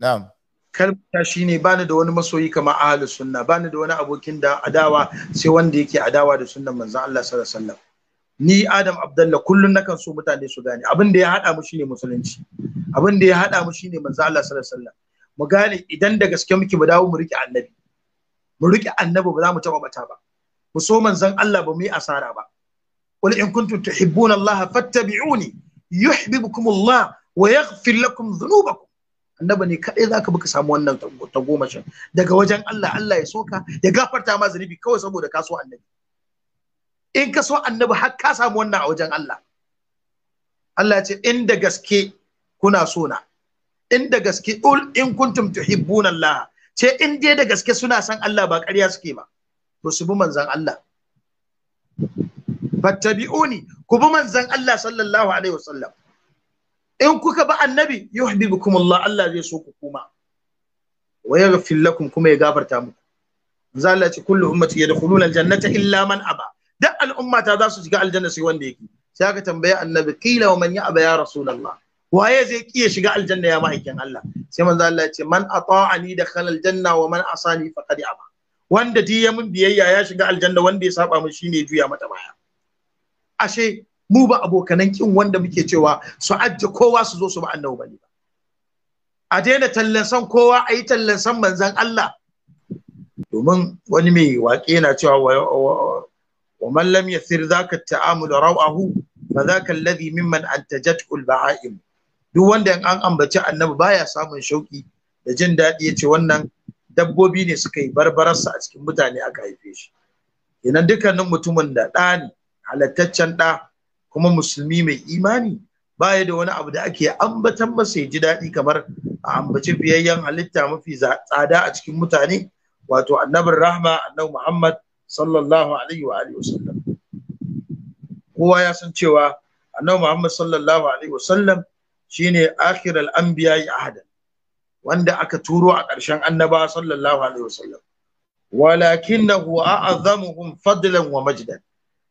na'am kalmata shine bani da wani masoyi kamar ahlus sunna bani da wani abokin da adawa sai wanda yake adawa da sunnan manzon Allah sallallahu alaihi wasallam ni Adam Abdullah kullun nakan so mutane su gane abin da ya hada mu shine musulunci abin da ya hada mu shine manzon Allah sallallahu alaihi wasallam mu gane idan da gaske muke mu dawo mu rike annabi mu rike annabi ba za mu taba bata ba mu so manzon Allah ba mu yi asara ba qul in kuntum tuhibbuna Allah fattabi'uni yuhibbukum Allah wa yaghfir lakum dhunubakum Annaba ne kadai zaka bi ka samu wannan ta goma daga wajen Allah Allah ya soka ya gafarta ma zunubi kawai saboda ka so annabi in ka so annabi har ka samu wannan a wajen Allah Allah ya ce in da gaske kuna so na in da gaske ul in kuntum tuhibbuna Allah ce in dai da gaske suna san Allah ba ƙarya suke ba to su bi manzon Allah fattabi'uni ku bi manzon Allah sallallahu alaihi wasallam in kuka ba annabi yuhibbukum Allah Allah zai so ku kuma wa yaghfir lakum kuma ya gafarta muku manzo Allah ce kullu ummati yadkhuluna aljannata illa man aba duk al'umma ta za su shiga aljanna sai wanda yake sai aka tambaya annabi kila wa man ya aba ya rasulullah waye zai kiya shiga aljanna ya ma'aikin Allah sai manzo Allah ce man ata'ani dakhala aljanna wa man asani faqad aba wanda duk ya mun biyayya ya shiga aljanna wanda ya saba mun shine juya mata baya ashe mu ba abokanan kin wanda muke cewa su ajje kowa su zo su ba annabi bane ba a daina tallan san kowa a yi tallan san manzan Allah domin wani mai waƙe yana cewa wa man lam yasir zaka ta'amul rawahu fa zaka alladhi mimman antajat'ul ba'aim duk wanda an ambaci annabi baya samun shauki da jin daɗi yace wannan dabbobi ne suka yi barbararsa a cikin mutane aka haife shi kenan dukkanin mutumin da ɗa ne halattaccen ɗa kuma musulmi mai imani ba ya da wani abu da ake ambatan masa ya ji daɗi kamar a ambaci biyayyen halitta mafi tsada a cikin mutane wato annabin rahma annabi muhammad sallallahu alaihi wa alihi wasallam kowa ya san cewa annabi muhammad sallallahu alaihi wasallam shine akhir al-anbiya ahada wanda aka turo a ƙarshen annaba sallallahu alaihi wasallam walakinahu a'azzamuhum fadlan wa majdan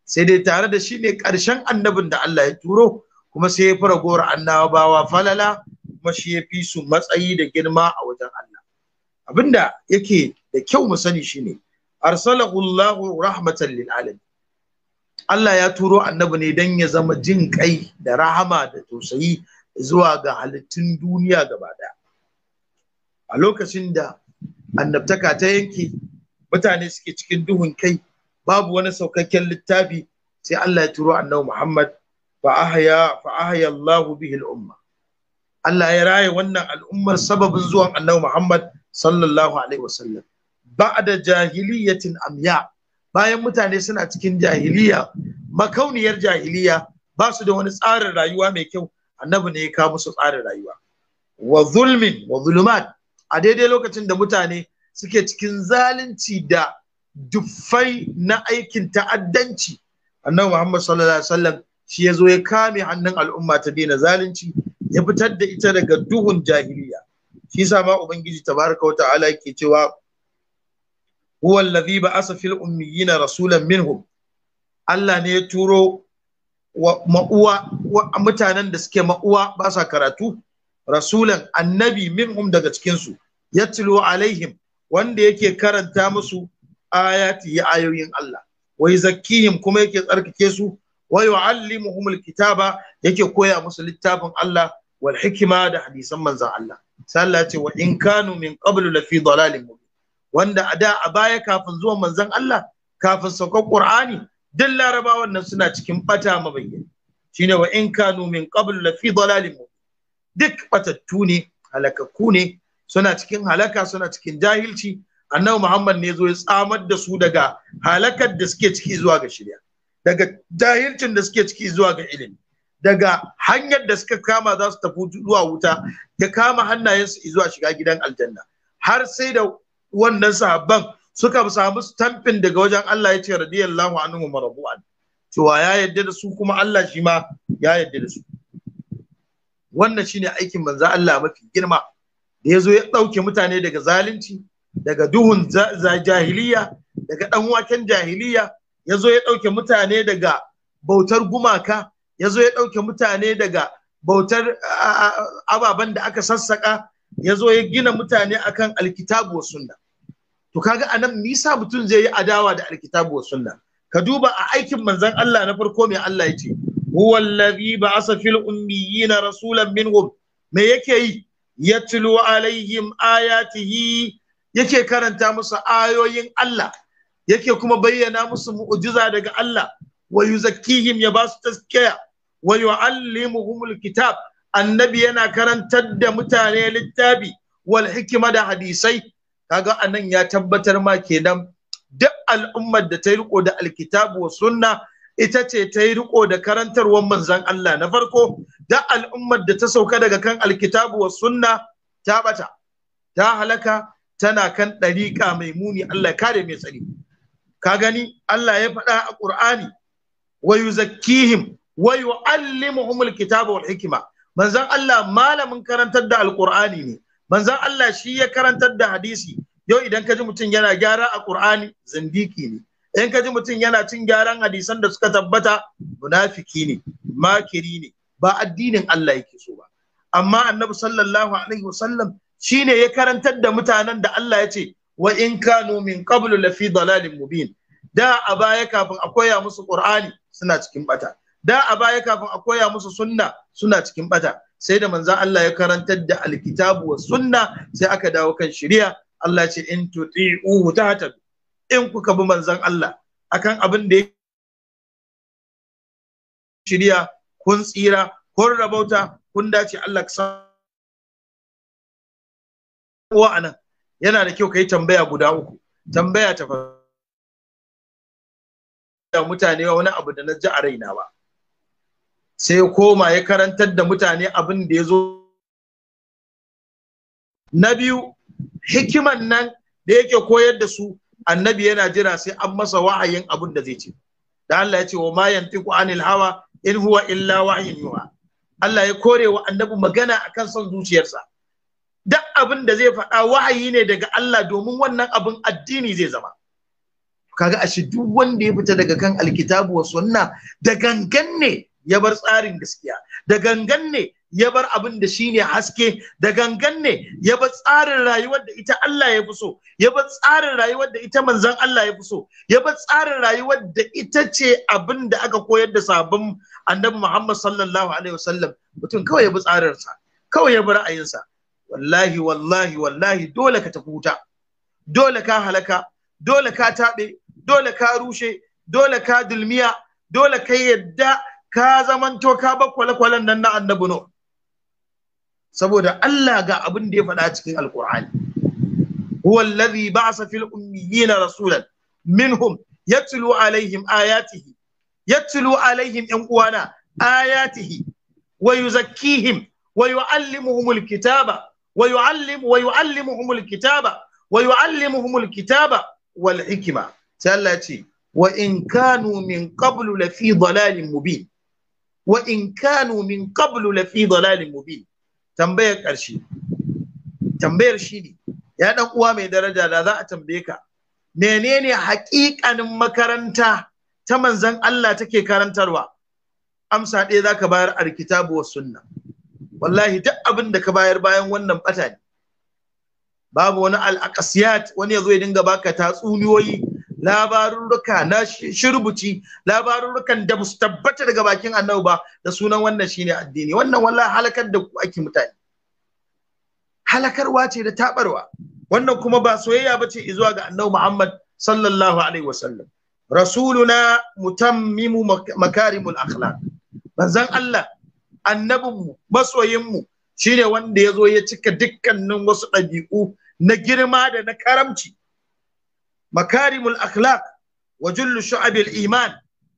sai dai tare da shi ne ƙarshen annabin da Allah ya turo kuma sai ya fi ragowar annabawa falala kuma shi ya fi su matsayi da girma a wajen Allah abinda yake da kyau mu sani shi shine arsalahu Allahu rahmatan lil alamin Allah ya turo annabi ne dan ya zama jin kai da rahama da tausayi zuwa ga halittun duniya gaba daya a lokacin da annabtaka ta yanke mutane suke cikin duhun kai babu wani saukakken littafi sai Allah ya turo annabi Muhammad fa ahya fa ahya Allah bihi al-umma Allah ya raye wannan al'ummar sababin zuwan annabi Muhammad sallallahu alaihi wasallam ba'da jahiliyatin amya bayan mutane suna cikin jahiliya makauniyar jahiliya ba su da wani tsarin rayuwa mai kyau annabi ne ya kawo musu tsarin rayuwa wa zulmin wa zulumat a daidai lokacin da mutane suke cikin zalunci da duffai na aikin ta'addanci annabi Muhammad sallallahu alaihi wasallam shi ya zo ya kame hannun al'umma ta daina zalunci ya fitar da ita daga duhun jahiliya shi sa ma ubangiji tabaraka wa ta'ala yake cewa huwa alladhi ba'asa fil ummiyina rasulan minhum Allah ne ya turo wa ma'uwa mutanen da suke ma'uwa ba sa karatu rasulan annabi minhum daga cikin su yatlu alaihim wanda yake karanta musu ayati ayoyin Allah wa yuzakkihim kuma yake tsarkake su wa yu'allimuhum kitaba yake koya musu littafin Allah wal hikima da hadisan manzon Allah sai Allah ce wa in kanu min qablu la fi dalalin mubin wanda a da a baya kafin zuwan manzan Allah kafin sauka Qur'ani duk larabawan nan suna cikin bata mabayyana shine wa in kanu min qablu la fi dalalin mubin duk batattu ne halakakku ne suna cikin halaka suna cikin jahilci annabi Muhammad ne zo ya tsamar da su daga halakar da suke ciki zuwa ga shirya daga jahilcin da suke ciki zuwa ga ilimi daga hanyar da suka kama za su tafi zuwa wuta ya kama hannayensu zuwa shiga gidan aljanna har sai da wannan sahabban suka samu stampin daga wajen Allah ya ce radiyallahu anhu marbu'an cewa ya yarda da su kuma Allah shi ma ya yarda da su wannan shine aikin manzo Allah mafi girma da ya zo ya ɗauke mutane daga zalunci daga duhun jahiliya daga ɗan waken jahiliya ya zo ya ɗauke mutane daga bautar gumaka ya zo ya ɗauke mutane daga bautar ababen da aka sassaƙa ya zo ya gina mutane akan alkitabu sunna to kaga anan nisa mutum zai yi adawa da alkitabu sunna ka duba a aikin manzon Allah na farko mai Allah ya ce huwa ba'asa fil ummiyina rasulan minhum me yake yi yatlu alaihim ayatihi yake karanta musu ayoyin Allah yake kuma bayyana musu mu'jiza daga Allah wa yuzakkihim ya basu taskiya wa yu'allimuhumul kitab annabi yana karantar da mutane littafi wal hikima da hadisai kaga anan ya tabbatar ma kenan duk al'ummar da ta yi riko da alkitabu wa sunna ita ce ta yi riko da karantarwar manzon Allah na farko da al'ummar da ta sauka daga kan alkitabu wa sunna ta bata ta halaka tana kan ɗariƙa mai muni Allah kare mai tsari ka gani Allah ya faɗa a Qur'ani wa yuzakkihim wa yu'allimuhumul kitaba wal hikima. manzon Allah malamin karantar da alƙur'ani ne manzon Allah shi ya karantar da hadisi yau idan ka ji mutum yana gyara a ƙur'ani, zindiki ne in ka ji mutum yana cin gyaran hadisan da suka tabbata munafiki ne makiri ne ba addinin Allah yake so ba amma annabi sallallahu alaihi wasallam shine ya karantar da mutanen da Allah ya ce wa in kanu min qablu lafi dalalin mubin da a baya kafin a koya musu qur'ani suna cikin bata da a baya kafin a koya musu sunna suna cikin bata sai da manzon Allah ya karantar da alkitabu wa sunna sai aka dawo kan shari'a Allah ce in tuti'uhu tahtadu in kuka bi manzon Allah akan abin da shari'a kun tsira kun rabauta kun dace Allah ka uwa a nan yana da kyau ka yi tambaya guda uku tambaya ta fara mutane wani abu da na ji a raina ba sai ya koma ya karantar da mutane abin da ya zo na biyu hikiman nan da yake koyar da su annabi yana jira sai an masa wa'ayin abin da zai ce da Allah ya ce wa ma yantiqu anil hawa in huwa illa wahyin yuha Allah ya kore wa annabi magana akan son zuciyarsa duk abin da zai faɗa wahayi ne daga Allah domin wannan abin addini zai zama kaga ashe duk wanda ya fita daga kan alkitabu wa sunna da gangan ne ya bar tsarin gaskiya da gangan ne ya bar abin da shine haske da gangan ne ya bar tsarin rayuwar da ita Allah ya fi so ya bar tsarin rayuwar da ita manzon Allah ya fi so ya bar tsarin rayuwar da ita ce abin da aka koyar da sabon annabi Muhammad sallallahu alaihi wasallam mutum kawai ya bi tsarinsa kawai ya bi ra'ayinsa wallahi wallahi wallahi dole ka tafi wuta dole ka halaka dole ka taɓe dole ka rushe dole ka dulmiya dole ka yadda ka zamanto ka bar kwale-kwalen nan na annabi no saboda Allah ga abin da ya faɗa cikin alkur'ani huwa alladhi ba'asa fil ummiyina rasulan minhum yatlu alaihim ayatihi yatlu alaihim yan uwana ayatihi wa yuzakkihim wa yu'allimuhumul kitaba wa yu'allim wa yu'allimuhumul kitaba wa yu'allimuhumul kitaba wal ce wa in kanu min qablu la dalalin tambayar ƙarshe tambayar shi ne ya ɗan uwa mai daraja da za a tambaye ka menene haƙiƙanin makaranta ta manzon Allah take karantarwa amsa ɗaya zaka bayar alkitabu wa sunna wallahi duk abin da ka bayar bayan wannan bata ne babu wani al'aqasiyat wani yazo ya dinga baka tatsuniyoyi labarurruka na shirbuci labarurrukan da musu tabbata daga bakin annabi ba da sunan wannan shine addini wannan wallahi halakar da ku ake mutane halakarwa ce da tabarwa wannan kuma ba soyayya bace zuwa ga annabi Muhammad sallallahu alaihi wasallam rasuluna mutammimu makarimul akhlaq manzon Allah annabinmu masoyinmu shine wanda ya zo ya cika dukkanin wasu ɗabi'u na girma da na karamci makarimul akhlaq wa jullu shu'abil iman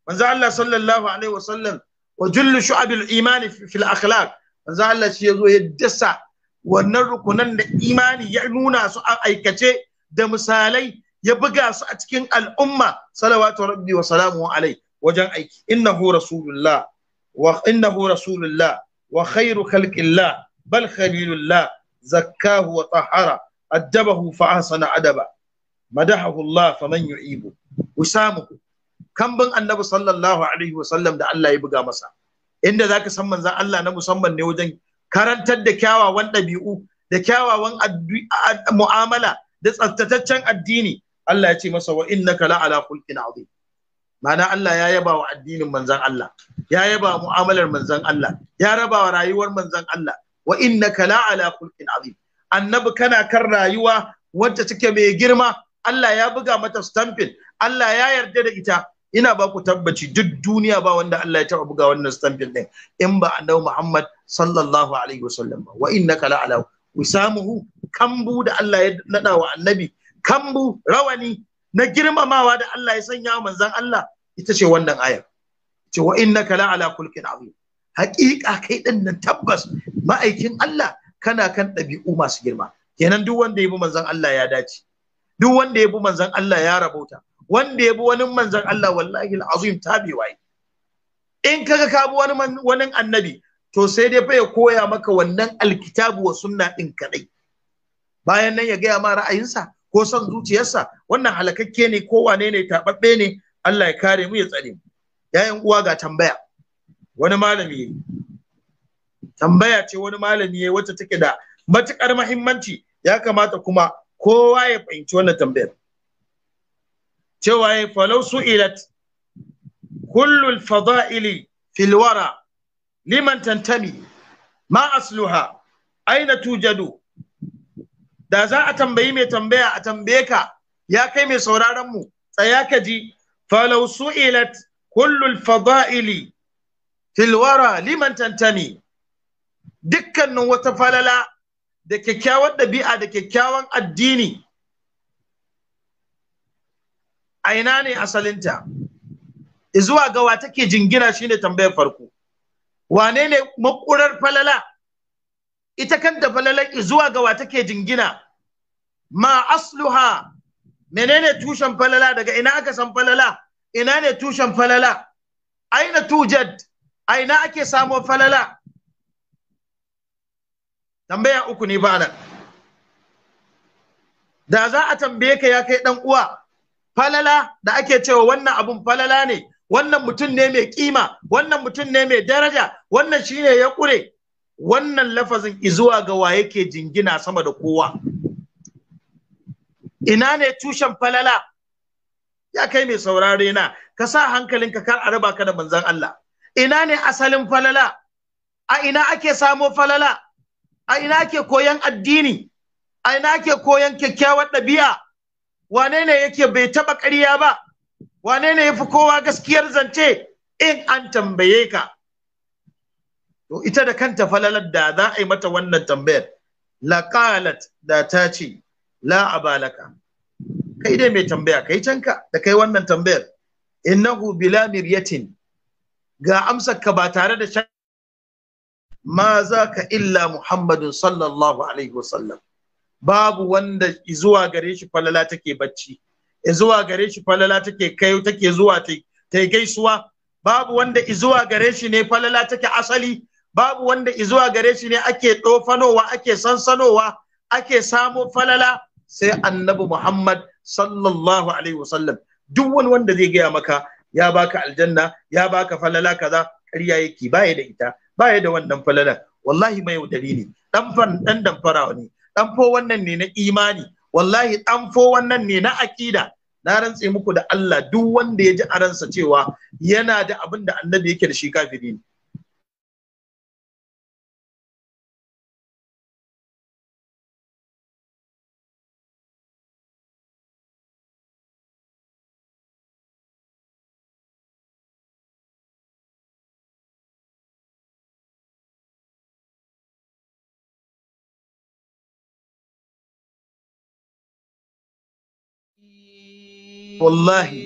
manzo Allah sallallahu alaihi wasallam wa jullu shu'abil iman fil akhlaq manzo Allah shi ya zo ya dasa wannan rukunan da imani ya nuna su a aikace da misalai ya buga su a cikin al'umma salawatu rabbi wa salamu alai wajen aiki innahu rasulullah wa innahu rasulullah wa khairu khalqillah bal khalilullah zakkahu wa tahara addabahu fa ahsana adaba madahahu Allah faman yu'ibu usamuhu kambin annabi sallallahu alaihi wasallam da Allah ya buga masa inda zaka san manzon Allah na musamman ne wajen karantar da kyawawan ɗabi'u da kyawawan mu'amala da tsaftataccen addini Allah ya ce masa wa innaka la'ala khulqin azim ma'ana Allah ya yaba wa addinin manzon Allah ya yaba mu'amalar manzon Allah ya raba wa rayuwar manzon Allah wa innaka la ala khulqin azim annabi kana kan rayuwa wacce take mai girma Allah ya buga mata stamping Allah ya yarda da ita ina ba ku tabbaci duk duniya ba wanda Allah ya taba buga wannan stamping din in ba annabi Muhammad sallallahu alaihi wasallam ba wa innaka la ala wisamuhu kambu da Allah ya nada wa annabi kambu rawani na girmamawa da Allah ya sanya wa manzon Allah ita ce wannan ayar ce wa innaka la ala kulkin azim haƙiƙa kai din nan tabbas ma'aikin Allah kana kan ɗabi'u masu girma kenan duk wanda ya bi manzon Allah ya dace duk wanda ya bi manzon Allah ya rabauta wanda ya bi wani manzon Allah wallahi azim waye? in kaga ka bi wani wani annabi to sai dai fa ya koya maka wannan alkitabu wa sunna din kadai bayan nan ya gaya ma ra'ayinsa ko son zuciyarsa wannan halakakke ne ko wane ne tababbe ne Allah ya kare mu ya tsare mu ‘ya'yan uwa ga tambaya wani malami tambaya ce wani malami ya wacce take da matukar mahimmanci ya kamata kuma kowa ya fahimci wannan tambayar cewa ya falau ilat, kullul fada'ili fil liman tantami ma asluha aina tujadu da za a tambayi mai tambaya a tambaye ka ya kai mai sauraronmu mu tsaya ka ji falau ilat. kullul fada'ili filwara liman tantami dukkanin wata falala da kyakkyawar ɗabi'a da kyakkyawan addini a ina ne asalinta zuwa ga wa take jingina shine tambayar farko wane ne makurar falala ita kanta falalar zuwa ga wa take jingina ma asluha menene tushen falala daga ina aka san falala ina ne tushen falala aina tujad aina ake samun falala tambaya uku ne ba da za a tambaye ka ya kai ɗan uwa falala da ake cewa wannan abun falala ne wannan mutum ne mai kima wannan mutum ne mai daraja wannan shine ya ƙure, wannan lafazin izuwa ga wa yake jingina sama da kowa ina ne tushen falala ya kai mai saurare na ka sa hankalinka kar a raba ka da manzon Allah ina ne asalin falala a ina ake samo falala a ina ake koyan addini a ina ake koyan kyakkyawar ɗabi'a wane ne yake bai taɓa ƙarya ba wane ne yafi kowa gaskiyar zance in an tambaye ka to ita da kanta falalar da za a yi mata wannan tambayar laqalat da ta ce la abalaka kai dai mai tambaya kai canka da kai wannan tambayar innahu bila miryatin ga amsar ka ba tare da shan ma za ka illa muhammadun sallallahu alaihi wasallam babu wanda zuwa gare shi falala take bacci zuwa gare shi falala take kai take zuwa ta gaisuwa babu wanda zuwa gare shi ne falala take asali babu wanda zuwa gare shi ne ake ɗofanowa ake sansanowa ake samo falala sai annabi muhammad sallallahu alaihi wasallam duk wani wanda zai gaya maka ya baka aljanna ya baka falala kaza ƙarya yake baya da ita baya da wannan falalan wallahi mai yaudari ne dan fan dan ne dan fo wannan ne na imani wallahi dan fo wannan ne na akida na rantse muku da Allah duk wanda ya ji a ransa cewa yana da abin da annabi yake da shi kafiri ne wallahi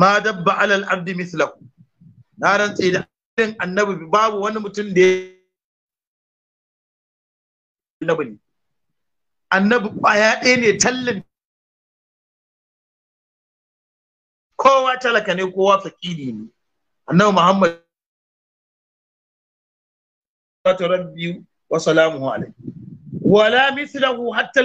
ma dabba alal ardi mislahu na rantse da irin annabi babu wani mutum da ya annabi ne annabi kwaya ɗaya ne tallin kowa talaka ne kowa fakiri ne annabi muhammad rabbi wa salamuhu alaihi wala mithlahu hatta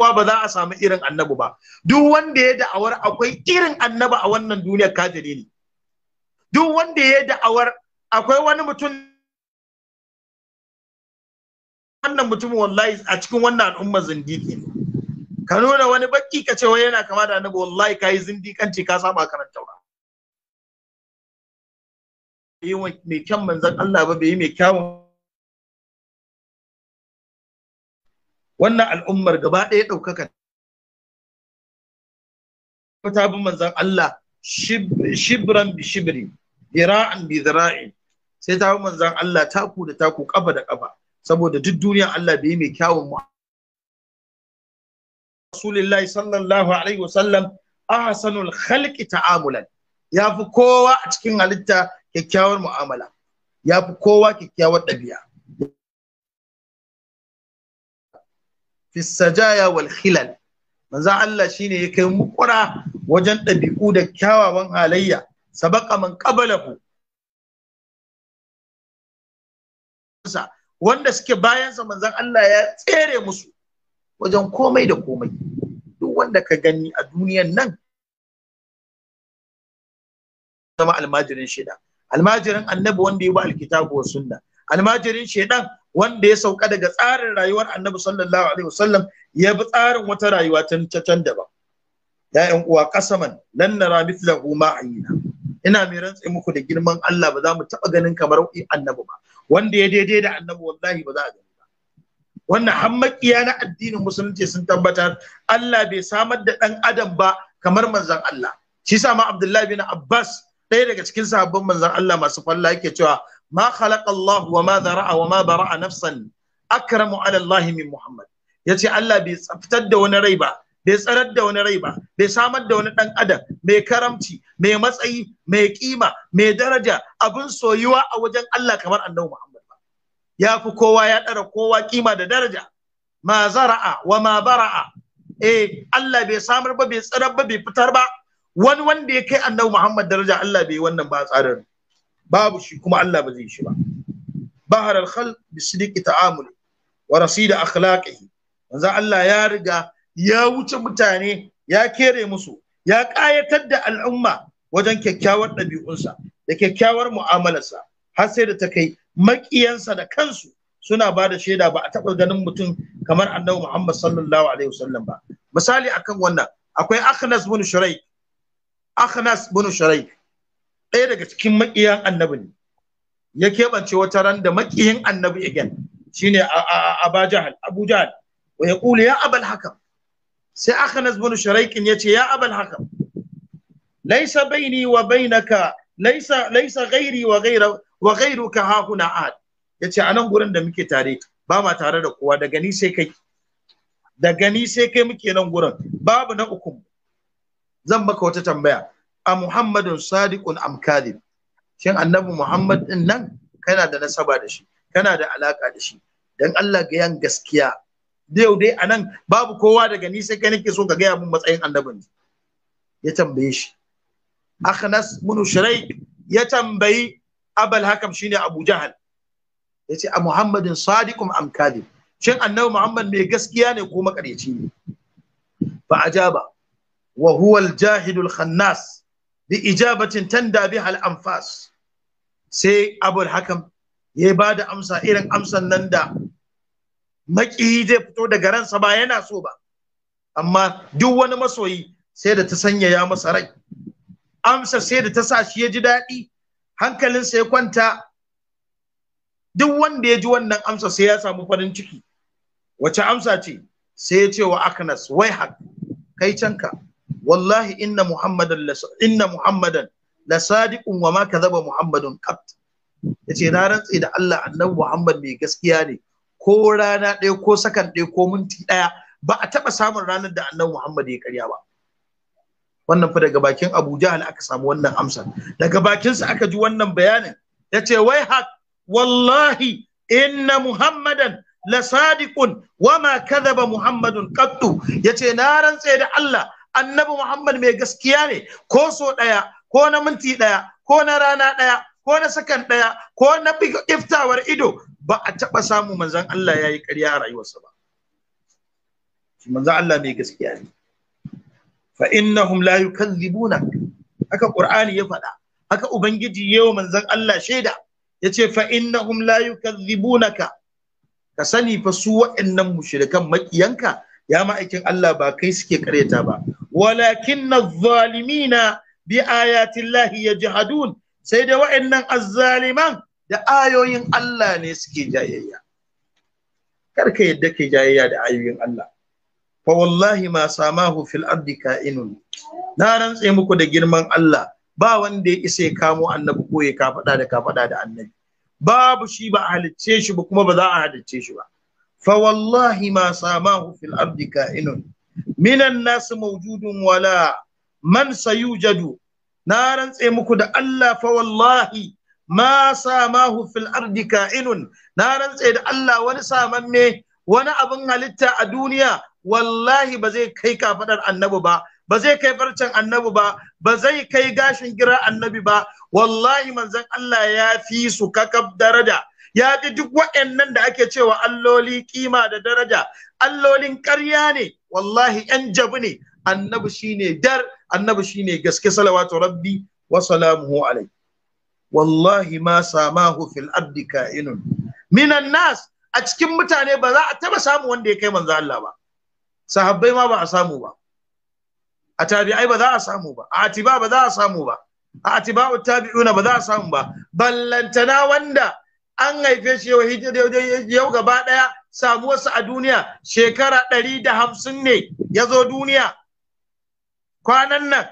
kuwa ba za a samu irin annabi ba duk wanda ya da'awar akwai irin annabi a wannan duniyar kafiri ne duk wanda ya da'awar akwai wani mutum wannan mutum wallahi a cikin wannan al'ummar zindiki ne ka nuna wani baki ka ce wai yana kama da annabi wallahi kai zindikanci ka saba karanta ba yi mai kyan manzan Allah ba bai yi mai kyawun wannan al'ummar gaba ɗaya ɗaukaka ta bi manzan Allah shibran bi shibri dira'an bi sai ta bin manzan Allah taku da taku ƙafa da ƙafa, saboda duk duniya Allah bai mai kyawun mu Rasulullahi sallallahu alaihi wasallam ahsanul khalqi ta'amulan yafi kowa a cikin halitta kyakkyawar mu'amala yafi kowa kyakkyawar ɗabi'a fi sajaya wal khilal manzo Allah shine ya kai mukura wajen ɗabi'u da kyawawan halayya sabaqa man qablahu wanda suke bayansa manzon Allah ya tsere musu wajen komai da komai duk wanda ka gani a duniyan nan zama almajirin shida almajirin annabi wanda ya ba alkitabu wa sunna almajirin shedan wanda ya sauka daga tsarin rayuwar annabi sallallahu alaihi wasallam ya bi tsarin wata rayuwa ta can daban ya yan uwa kasaman lan nara mithlahu ma ayina ina mai rantse muku da girman Allah ba za mu taba ganin kamar annabi ba wanda ya daidai da annabi wallahi ba za a gani ba wannan hammakiya na addinin musulunci sun tabbatar Allah bai samar da dan adam ba kamar manzon Allah shi sa ma Abdullahi bin Abbas ɗaya daga cikin sahabban manzon Allah masu falla yake cewa ma khalaqa Allah wa ma dhara'a wa ma bara'a nafsan akramu ala Allah min Muhammad yace Allah bai tsaftar da wani rai ba bai tsarar da wani rai ba bai samar da wani ɗan adam mai karamci mai matsayi mai kima mai daraja abin soyuwa a wajen Allah kamar annabi Muhammad ba ya fi kowa ya ɗara kowa kima da daraja ma zara'a wa ma bara'a eh Allah bai samar ba bai tsarar ba bai fitar ba wani wanda ya kai annabi Muhammad daraja Allah bai wannan ba tsarin babu shi kuma Allah ba zai shi ba bahar al-khalq bi sidiqi ta'amul wa rasida akhlaqihi manzo Allah ya riga ya wuce mutane ya kere musu ya kayatar da al'umma wajen kyakkyawar ɗabi'unsa da kyakkyawar mu'amalarsa har sai da ta kai maƙiyansa da kansu suna ba da shaida ba a taɓa ganin mutum kamar annabi Muhammad sallallahu alaihi wasallam ba misali akan wannan akwai Akhnas bin Shuraik Akhnas bin Shuraik ɗaya daga cikin makiyan annabi ne ya keɓance wata ran da makiyin annabi again shine Abu Jahal Abu Jahal wa yaqulu ya abal Hakam sai Akhnas bin ya ce ya Abul Hakam laysa baini wa bainaka laysa laisa ghairi wa ghaira wa ghairuka ha huna ad a nan gurin da muke tare ba ma tare da kowa daga ni sai kai daga ni sai kai muke nan gurin babu na uku zan maka wata tambaya a Muhammadun sadiqun am shin annabi Muhammad din nan kana da nasaba da shi kana da alaka da shi dan Allah ga yan gaskiya da yau dai anan babu kowa daga ni sai kai nake so ka gaya min matsayin annabin ya tambaye shi Akhnas bin ya tambayi Abul Hakam shine Abu Jahal yace a Muhammadin sadiqum am shin annabi Muhammad mai gaskiya ne ko makaryaci ne fa ajaba wa huwa al-jahidul khannas bi ijabatin tanda bi hal anfas sai abul hakam ya ba da amsa irin amsan nan da maki zai fito daga ransa ba yana so ba amma duk wani masoyi sai da ta sanya ya masa rai amsa sai da ta sa shi ya ji daɗi hankalinsa ya kwanta duk wanda ya ji wannan amsa sai ya samu farin ciki wace amsa ce sai ya ce wa aknas wai hak kai canka wallahi inna muhammadan inna la sadiqun wa ma kadhaba muhammadun yace na rantse da Allah annabi muhammad mai gaskiya ne ko rana ɗaya ko sakan ɗaya ko minti ɗaya ba a taɓa samun ranar da annabi muhammad ya karya ba wannan fa daga bakin abu jahal aka samu wannan amsar daga bakin sa aka ji wannan bayanin yace wai Haq wallahi inna muhammadan la sadiqun wa ma kadhaba muhammadun qattu yace na rantse da Allah annabi Muhammad mai gaskiya ne ko so ɗaya ko na minti ɗaya ko na rana ɗaya ko na sakan ɗaya ko na iftawar ido ba a taɓa samu manzan Allah ya yi ƙarya a rayuwarsa ba. Manzan Allah mai gaskiya ne. Fa innahum la yukadzibuna haka Qur'ani ya faɗa haka Ubangiji yawa manzan Allah shaida yace fa innahum la yukadzibunaka ka sani fa su waɗannan mushrikan maƙiyanka? ya ma'aikin Allah ba kai suke karyata ba walakin zalimina bi ayatin lahi ya jihadun sai dai wa'annan azzaliman da ayoyin Allah ne suke jayayya karka yadda ke jayayya da ayoyin Allah fa wallahi ma samahu fil ardi ka'inun na rantse muku da girman Allah ba wanda ya isa ya kamo annabi ko ya kafada da kafada da annabi babu shi ba a halicce shi ba kuma ba za a halicce shi ba fa wallahi ma samahu fil ardi ka'inun minan nasu maujudun wala man sayujadu na rantse muku da Allah fa wallahi ma samahu fil ardi ka'inun na rantse da Allah wani samamme wani abin halitta a duniya wallahi ba zai kai kafadar annabi ba ba zai kai barcin annabi ba ba zai kai gashin gira annabi ba wallahi manzon Allah ya fi su kakab daraja ya fi duk waɗannan da ake cewa alloli kima da daraja allolin ƙarya ne wallahi yan jabu ne annabi shine dar annabi shine gaske salawatu rabbi wa salamuhu alai wallahi ma samahu fil ardi ka'inun minan nas a cikin mutane ba za a taba samu wanda ya kai manzo Allah ba sahabbai ma ba a samu ba a tabi'ai ba za a samu ba a atiba ba za a samu ba a atiba'u tabi'una ba za a samu ba ballantana wanda an haife shi yau yau gaba daya samuwarsa a duniya shekara ɗari da hamsin ne ya zo duniya kwanan nan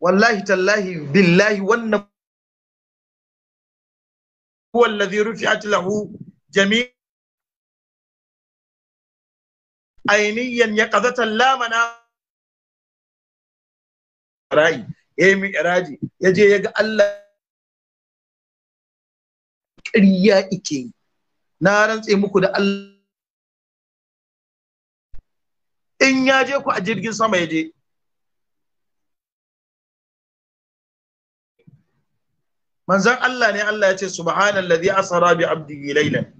wallahi tallahi billahi wannan huwa allazi rufi'at lahu jami' ainiyan ya qadatan la mana rai ya mi iraji yaje yaga Allah ƙarya ike yi na rantse muku da Allah in ya je ku a jirgin sama ya je manzan Allah ne Allah ya ce subhanallazi asara bi abdihi laylan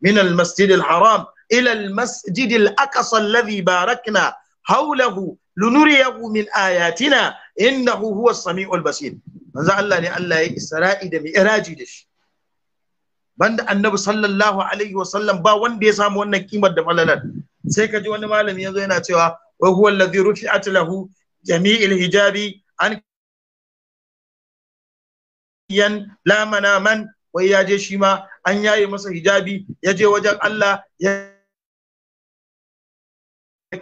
min almasjid haram, ila almasjid alaqsa alladhi barakna hawlahu lunuriyahu min ayatina innahu huwa as-sami'ul basir manzan Allah ne Allah ya isra'i da mi'raji da shi banda annabi sallallahu alaihi ba wanda ya samu wannan kimar da falalar sai ka ji wani malami yanzu yana cewa wa huwa allazi rufi'at lahu jami'il hijabi an yan la man. wai ya je shi ma an yaye masa hijabi ya je wajen Allah ya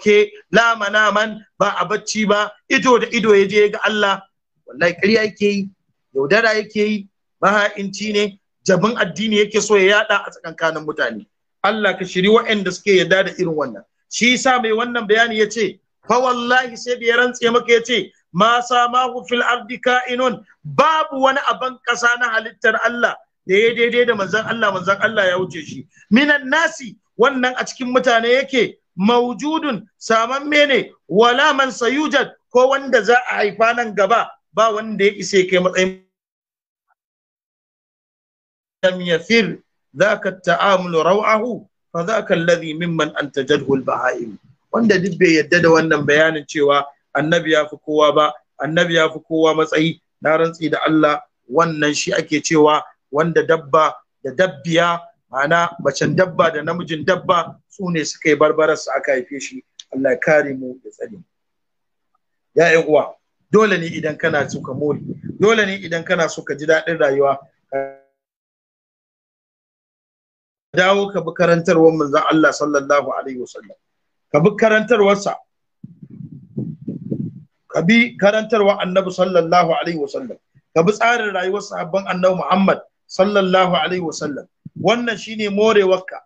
ke la man, ba a bacci ba ido da ido ya je ga Allah wallahi ƙarya yake yi yaudara yake yi maha'inci ne jabin addini yake so ya yada a tsakankanin mutane Allah ka shiri waɗanda suke yarda da irin wannan shi sa mai wannan bayani ya ce fa wallahi sai da ya rantse maka ya ce ma samahu fil ardi ka'inun babu wani aban kasa na halittar Allah da ya daidai da manzon Allah manzon Allah ya wuce shi minan nasi wannan a cikin mutane yake maujudun saman mene wala man sayujad ko wanda za a haifa nan gaba ba wanda ya ise kai matsayin lam yafir ذاك التعامل روعه فذاك الذي ممن انتجته البهائم wanda duk bai yadda da wannan bayanin cewa annabi ya fi kowa ba annabi ya fi kowa matsayi na rantsi da Allah wannan shi ake cewa wanda dabba da dabbiya ma'ana macen dabba da namijin dabba su ne suka yi su aka haife shi Allah kare mu da tsare ya uwa dole ne idan kana so ka dole ne idan kana so ka ji daɗin rayuwa dawo ka bi karantarwar manzon Allah sallallahu alaihi wasallam ka bi karantarwarsa ka bi karantarwar annabi sallallahu alaihi wasallam ka bi tsarin rayuwar sahabban annabi Muhammad sallallahu alaihi wasallam wannan shine morewarka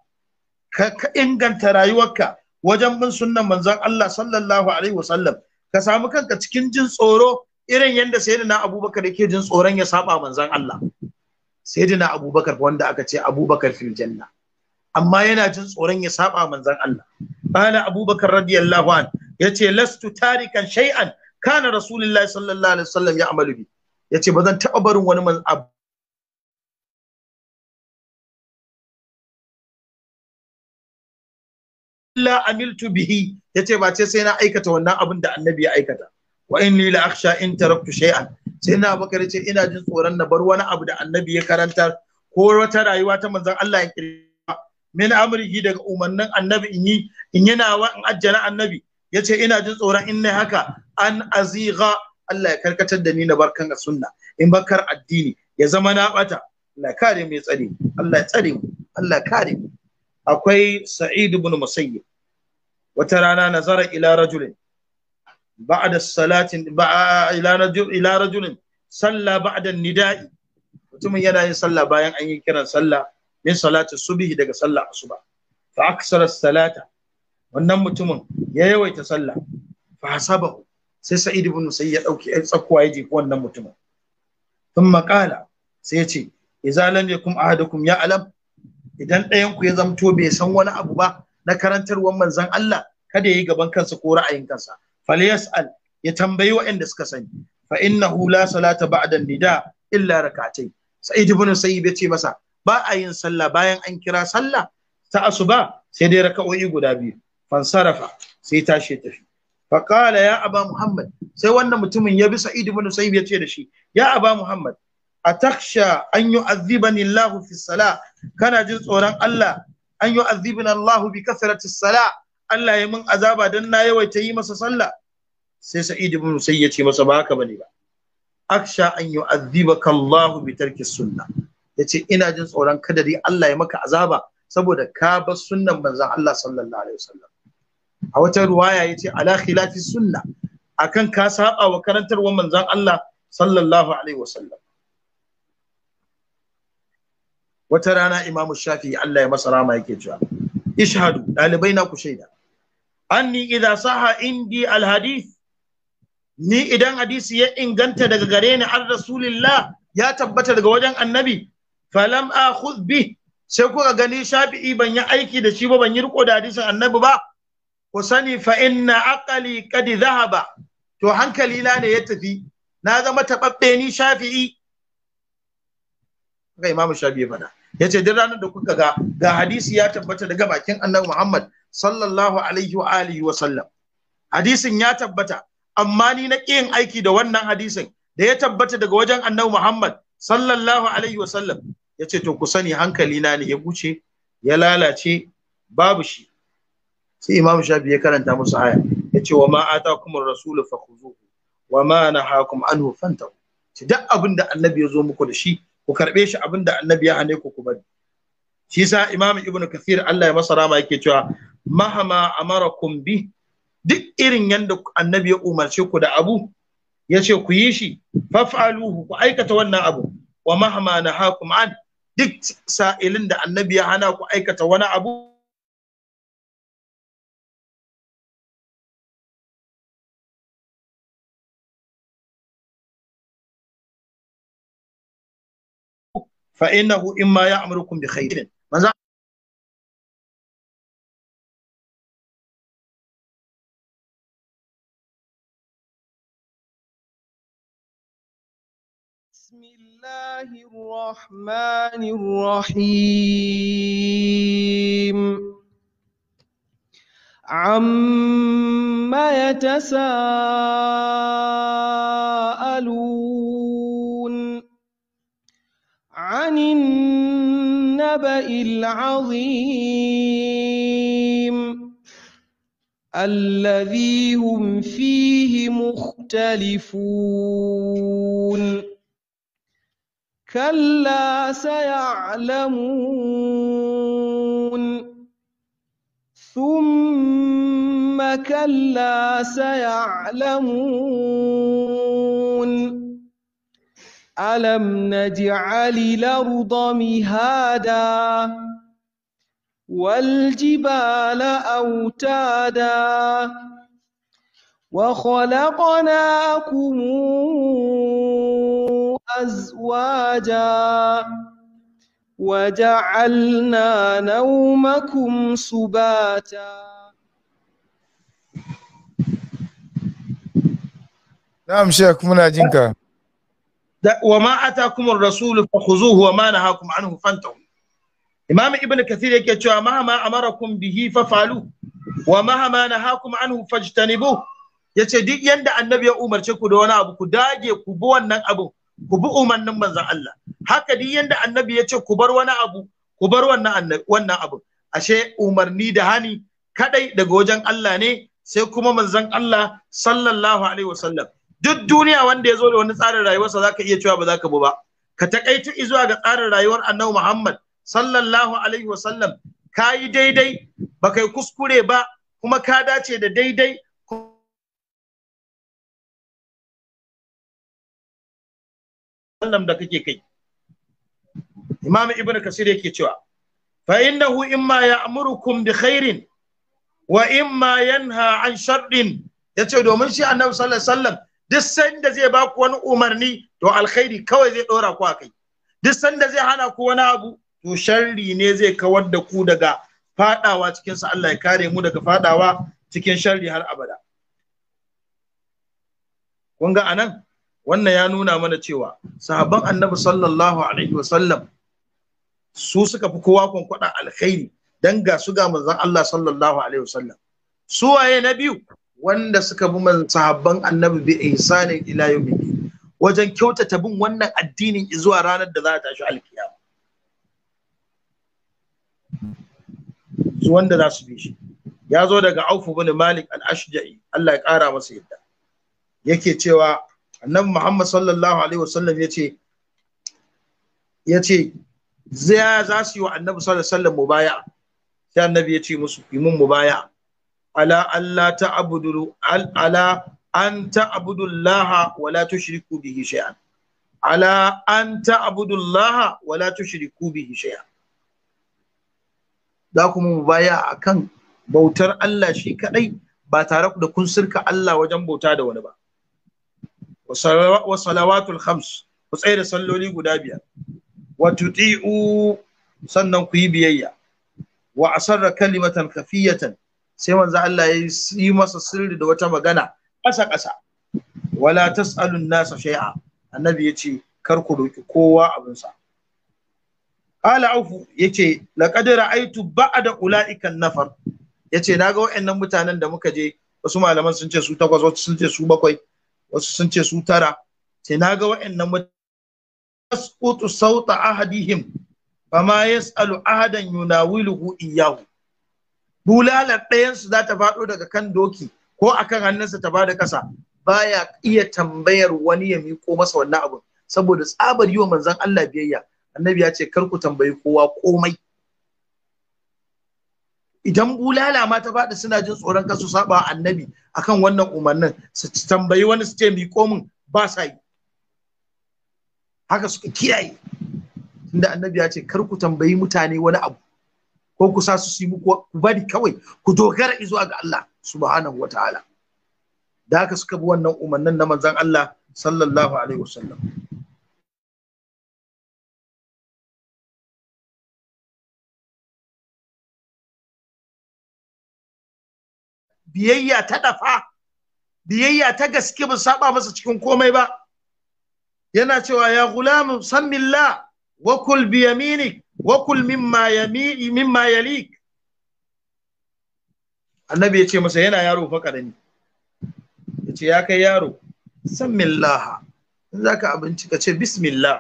ka ka inganta rayuwarka wajen bin sunnan manzon Allah sallallahu alaihi wasallam ka samu kanka cikin jin tsoro irin yadda sayyidina Abubakar yake jin tsoron ya saba manzon Allah sayyidina Abubakar wanda aka ce Abubakar fil janna amma yana jin tsoron ya saba manzan Allah qala abubakar radiyallahu an yace lastu tarikan shay'an kana rasulullahi sallallahu alaihi wasallam ya amalu bi yace ba zan taba barin wani man abu illa amiltu bihi yace ba ce sai na aikata wannan abin da annabi ya aikata wa inni la akhsha in taraktu shay'an sai na bakar ce ina jin tsoron na bar wani abu da annabi ya karantar ko wata rayuwa ta manzon Allah ya min amrihi daga umarnin annabi in yi in yi nawa in ajjana annabi yace ina jin tsoron in ne haka an aziga Allah ya karkatar da ni na barkan sunna in bakar addini ya zama na bata Allah kare mu ya tsare Allah ya tsare mu Allah kare akwai sa'id ibn musayyib wata rana nazara ila rajulin ba'da salatin ila rajul ila rajulin salla ba'da nida'i mutumin yana yin sallah bayan an yi kiran sallah min salati subhi daga sallah asuba fa aksara salata wannan mutumin ya yawaita sallah fa hasabahu sai sa'id ibn musayyib ya dauki ɗan tsakuwa ya jefi wannan mutumin thumma makala sai ya ce idza lam yakum ahadukum ya alam idan ɗayan ku ya zamto bai san wani abu ba na karantarwar manzon Allah kada yayi gaban kansa ko ra'ayin kansa falyas'al ya tambayi waɗanda suka sani fa innahu la salata ba'da nida illa rakatai sa'id ibn sayyib ya ce masa ba a yin sallah bayan an kira sallah ta asuba sai dai raka'o'i guda biyu fansarafa sai tashi tafi faqala ya aba muhammad sai wannan mutumin ya bi sa'id ibn sayyib ya ce da shi ya aba muhammad atakhsha an yu'adhibani allah fi salah kana jin tsoron allah an yu'adhibana allah bi kasrati salah allah ya mun azaba dan na yawaita yi masa sallah sai sa'id ibn sayyib ya ce masa ba haka bane ba aksha an yu'adhibaka allah bi tarki sunnah Ya ce, ina jin tsoron kada dai Allah ya maka azaba saboda ka bar sunnan manzon Allah sallallahu alaihi wasallam a wata ruwaya yace ala khilafi sunna akan ka saba wa karantarwar manzon Allah sallallahu alaihi wasallam wata rana imamu shafi Allah ya masa rama yake cewa ishhadu dalibai na ku shaida anni idza saha indi alhadith ni idan hadisi ya inganta daga gare ni an rasulillah ya tabbata daga wajen annabi falam akhudh bi sai kuka gani shafi'i ban yi aiki da shi ba ban yi riko da hadisin annabi ba ku sani fa inna aqali qad dhahaba to hankali na ne ya tafi na zama tababbe ni shafi'i ga imamu shafi'i fada yace duk ranar da kuka ga ga hadisi ya tabbata daga bakin annabi Muhammad sallallahu alaihi wa alihi wa sallam hadisin ya tabbata amma ni na yin aiki da wannan hadisin da ya tabbata daga wajen annabi Muhammad sallallahu alaihi wa sallam ya ce to ku sani hankali na ne ya wuce, ya lalace babu shi sai imam shafi ya karanta musu aya ya ce wa ma atakumur rasulu fakhuzuhu wa ma nahakum anhu fantahu ci duk abin da annabi ya zo muku da shi ku karbe shi abin da annabi ya hane ku ku bari shi sa imam ibn kathir Allah ya masa rama yake cewa mahama amarakum bi duk irin yanda annabi ya umarce ku da abu ya ce ku yi shi faf'aluhu ku aikata wannan abu wa mahama nahakum an duk sa'ilin da annabi ya hana ku aikata wani abu fa innahu ya ya'murukum bi khairin بسم الله الرحمن الرحيم عما يتساءلون عن النبأ العظيم الذي هم فيه مختلفون كلا سيعلمون ثم كلا سيعلمون ألم نجعل الأرض مهادا والجبال أوتادا وخلقناكم أزواجا وجعلنا نومكم سباتا نعم شيخ منا جنكا وما أتاكم الرسول فخذوه وما نهاكم عنه فانتهوا إمام ابن كثير يكتشوا مهما أمركم به ففعلوه ومهما نهاكم عنه فاجتنبوه yace duk yanda annabi ya umarce ku da wani abu ku dage ku bi wannan abu ku bi umarnin manzon Allah haka duk yanda annabi ya ce ku bar wani abu ku bar wannan wannan abu ashe umarni da hani kadai daga wajen Allah ne sai kuma manzon Allah sallallahu alaihi wasallam duk duniya wanda ya zo da wani tsarin rayuwarsa zaka iya cewa ba za ka bi ba ka taƙaita zuwa ga tsarin rayuwar annabi Muhammad sallallahu alaihi wasallam ka yi daidai ba kai kuskure ba kuma ka dace da daidai sallam da kake kai imam ibnu kasir yake cewa fa innahu imma ya'murukum bi khairin wa imma yanha an sharrin yace domin shi annabi sallallahu alaihi wasallam duk sanda zai ba ku wani umarni to alkhairi kawai zai dora ku akai duk sanda zai hana ku wani abu to sharri ne zai kawar da ku daga fadawa cikin sa Allah ya kare mu daga fadawa cikin sharri har abada kun ga anan wannan ya nuna mana cewa sahabban annabi sallallahu alaihi wasallam su suka fi kowa kwankwada alkhairi dan ga su ga manzon Allah sallallahu alaihi wasallam su waye na biyu wanda suka bi man sahabban annabi bi ihsanin ila yawmiddin wajen kyautata bin wannan addinin zuwa ranar da za ta tashi alkiyama wanda za su bi shi ya zo daga Auf bin Malik al-Ashja'i Allah ya kara masa yadda yake cewa annabi Muhammad sallallahu alaihi wasallam ya ce ya ce za su yi wa annabi sallallahu alaihi wasallam mubaya sai annabi ya ce musu yi mun mubaya ala Allah ta'budu ala an ta'budu Allah wa la tushriku bihi shay'an ala an ta'budu Allah wa la tushriku bihi shay'an za ku mu mubaya akan bautar Allah shi kadai ba tare da kun sirka Allah wajen bauta da wani ba wa salawatul khams ku tsaye da salloli guda biyar wa sannan ku yi biyayya wa asarra kalimatan kafiyatan, sai manzo Allah ya yi masa sirri da wata magana ƙasa ƙasa wala tas'alun nasa shay'a annabi yace kar ku roki kowa abinsa Ala Aufu yace ce, laƙadira aitu ba'ada ula'ikan nafar. yace ce, na ga wa'annan mutanen da muka je, wasu malaman sun ce su takwas, wasu sun ce su bakwai, wasu sun ce su tara sai na ga wa'annan mutane sauta ahadihim fama yas'alu ahadan yunawiluhu iyyahu bulalar ɗayansu za ta faɗo daga kan doki ko akan hannunsa ta bada ƙasa baya iya tambayar wani ya miƙo masa wannan abun saboda tsabar yi wa manzon Allah biyayya annabi ya ce kar ku tambayi kowa komai idan bulala ma ta faɗi suna jin tsoron kasu saba annabi akan wannan umarnin su tambayi wani su ce miƙo min ba sa yi haka suka kiyaye tunda annabi ya ce kar ku tambayi mutane wani abu ko ku sa su yi muku ku bari kawai ku dogara zuwa ga Allah subhanahu wa ta'ala. da haka suka bi wannan umarnin na manzon Allah sallallahu alaihi wasallam biyayya ta dafa biyayya ta gaske ba saba masa cikin komai ba yana cewa ya gulam sammillah wa kul bi yaminik wa kul mimma yami mimma yalik annabi ya ce masa yana yaro fa karami ya ce ya kai yaro sammillah in zaka abinci ka ce bismillah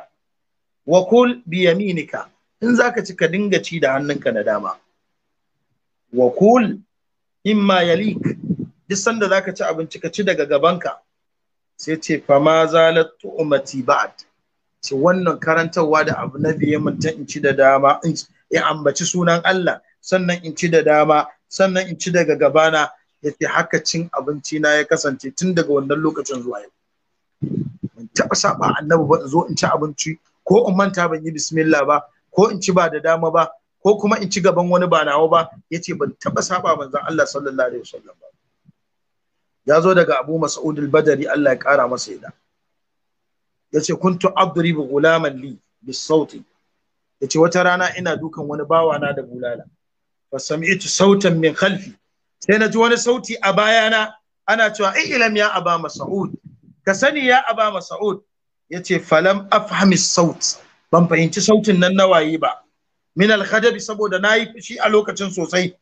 wa kul bi yaminika in zaka ci ka dinga ci da hannunka na dama wa kul imma yalik duk sanda zaka ci abinci ka ci daga gabanka sai ce fama zalat tu'mati ba'd ce wannan karantarwa da abu na biye mun ta in ci da dama in ambaci sunan Allah sannan in ci da dama sannan in ci daga gabana yace haka cin abinci na ya kasance tun daga wannan lokacin zuwa yau ban taba saba annabi ba in zo in ci abinci ko in manta ban yi bismillah ba ko in ci ba da dama ba ko kuma in ci gaban wani ba nawa ba yace ban taba saba manzon Allah sallallahu alaihi wasallam ba ya zo daga Abu Mas'ud al-Badri Allah ya kara masa yada yace kuntu adribu gulaman li Ya ce wata rana ina dukan wani bawa na da bulala fa sami'tu sautan min khalfi sai na ji wani sauti a bayana ana cewa ilam ya aba mas'ud ka sani ya aba mas'ud yace falam afhamis saut ban fahimci sautin nan waye ba min al saboda na yi fushi a lokacin sosai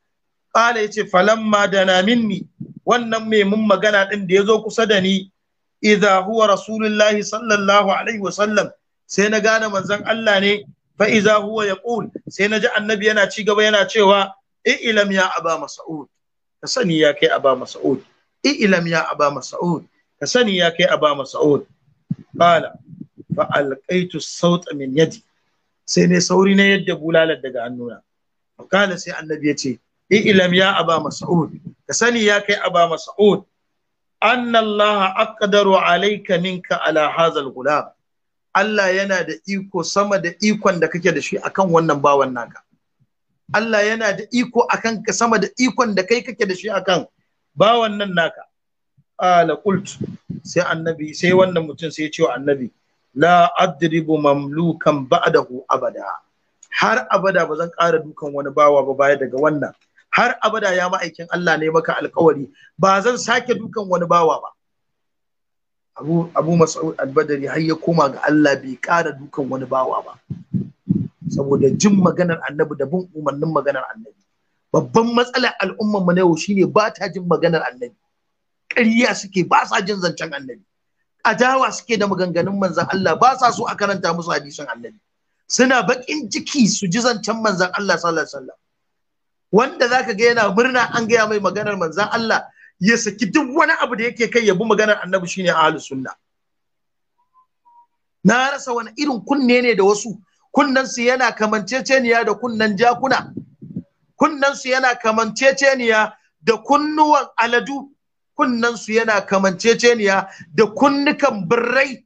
ƙala qala yace falamma dana minni wannan mai mun magana ɗin da ya zo kusa da ni idza huwa rasulullahi sallallahu alaihi wasallam sai na gane manzon Allah ne fa idza huwa yaqul sai na ji annabi yana ci gaba yana cewa ilam ya aba mas'ud ka sani ya kai aba mas'ud ilam ya aba mas'ud ka sani ya kai aba mas'ud qala fa alqaitu sawta min yadi sai ne sauri na yadda bulalar daga hannuna kala sai annabi ya ce ilam ya aba mas'ud ka sani ya kai aba mas'ud anna allah aqdaru alayka minka ala hazal gulam Allah yana da iko sama da ikon da kake da shi akan wannan bawan naka Allah yana da iko akan ka sama da ikon da kai kake da shi akan bawan nan naka ala qult sai annabi sai wannan mutum sai ya ce wa annabi la adribu mamlukan ba'dahu abada har abada ba zan ƙara dukan wani bawa ba baya daga wannan har abada ya ma'aikin Allah ne maka alkawari ba zan sake dukan wani bawa ba abu abu mas'ud al-badri har ya koma ga Allah bai ƙara dukan wani bawa ba saboda jin maganar annabi da bin umarnin maganar annabi babban matsalar al'ummar mu na yau shine ba ta jin maganar annabi ƙarya suke ba sa jin zancen annabi adawa suke da maganganun manzan Allah ba sa so a karanta musu hadisin annabi suna baƙin jiki su ji zancen manzan Allah sallallahu alaihi wasallam wanda zaka ga yana murna an gaya mai maganar manzan Allah ya saki duk wani abu da yake kai ya bi maganar annabi shine ahlus sunna na rasa wani irin kunne ne da wasu kunnen su yana kamanceceniya da kunnen jakuna kunnen su yana kamanceceniya da kunnuwan aladu kunnan su yana kamanceceniya da kunnukan birrai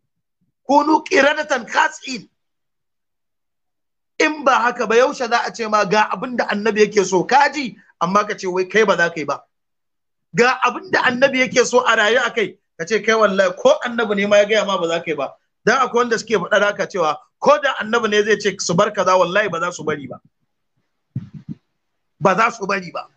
kunu qiradatan khasin in ba haka ba yaushe za a ce ma ga abin da annabi yake so kaji amma ka ce wai kai ba za ka yi ba ga abin da annabi yake so a rayu a kai ka ce kai wallahi ko annabi ne ma ya gaya ma ba za ka yi ba dan akwai wanda suke faɗa haka cewa ko da annabi ne zai ce su bar kaza wallahi ba za su bari ba ba za su bari ba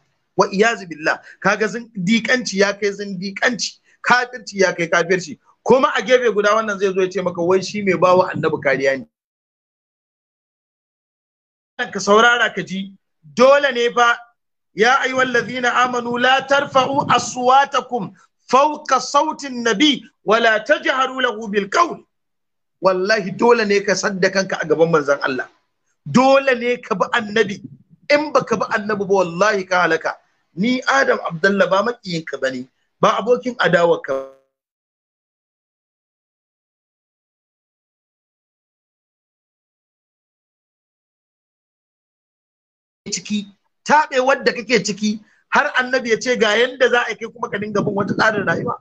wa iyazu billah kaga dikanci ya kai zindiƙanci kafirci ya kai kafirci kuma a gefe guda wannan zai zo ya ce maka wai shi mai bawa annabi kariya ne ka saurara ka ji dole ne fa ya ayyuhal ladhina amanu la tarfa'u aswatakum fawqa sautin nabi wala tajharu lahu bil qawl wallahi dole ne ka sadda kanka a gaban manzon Allah dole ne ka bi annabi in baka bi annabi ba wallahi ka halaka ni Adam Abdullah ba makiyinka bane ba abokin adawarka ciki taɓe wadda kake ciki har annabi ya ce ga yanda za a kai kuma ka dinga bin wata tsarin rayuwa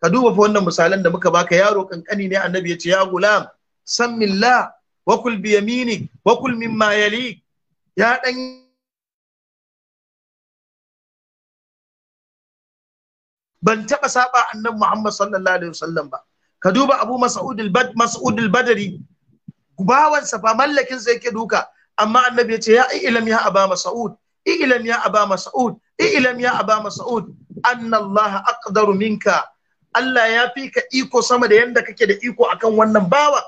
ka duba fa wannan misalan da muka baka yaro kankani ne annabi ya ce ya gulam san millah wa kul bi yaminik wa kul mimma yalik ya dan ban taɓa saba annabi Muhammad sallallahu alaihi wasallam ba ka duba Abu Mas'ud al-Bad Mas'ud al-Badri sa ba mallakin sa yake duka amma annabi ya ce ya ilam ya Aba Mas'ud ilam ya Aba Mas'ud ilam ya Aba Mas'ud anna Allah aqdaru minka Allah ya fi ka iko sama da yanda kake da iko akan wannan bawa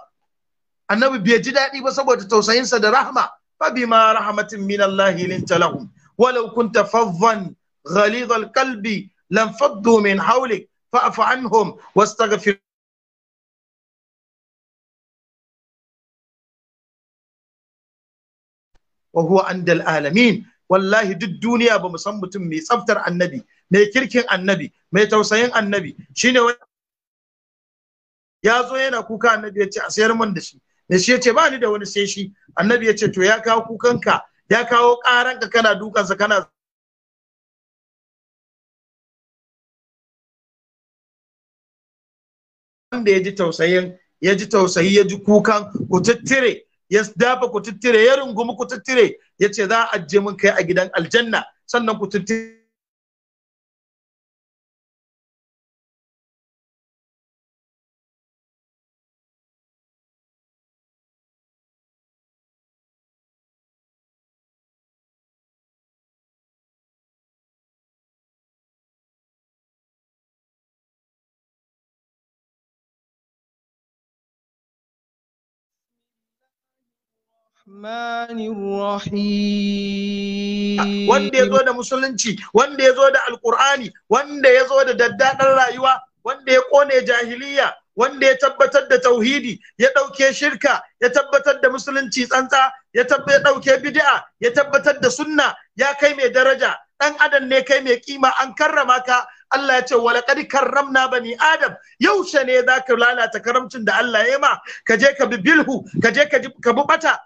annabi bai ji daɗi ba saboda tausayin sa da rahma fa bima rahmatin min Allah linta lahum walau kunta fadhan ghalidhal qalbi لانفضوا من حولك فاعف عنهم واستغفر وهو عند العالمين wallahi duk duniya ba mu san mutum mai tsaftar annabi mai kirkin annabi mai tausayin annabi shine ya zo yana kuka annabi ya ce a sayar min da shi da shi ya ce ba ni da wani sai shi annabi ya ce to ya kawo kukanka ya kawo karanka kana dukansa kana wanda ya ji tausayin ya ji tausayi ya ji kukan ku tattire ya dafa ku tattire ya rungumi ku tattire ya ce za a je mun kai a gidan aljanna sannan ku tattire wanda ya zo da musulunci wanda ya zo da alkur'ani wanda ya zo da daddaɗar rayuwa wanda ya kone jahiliya wanda ya tabbatar da tauhidi ya ɗauke shirka ya tabbatar da musulunci tsantsa ya ɗauke bid'a ya tabbatar da sunna ya kai mai daraja ɗan adam ne kai mai kima an karrama ka Allah ya ce wala karram karramna bani adam yaushe ne ka lalata karamcin da Allah ya ma ka je ka bi bilhu ka je ka bi bata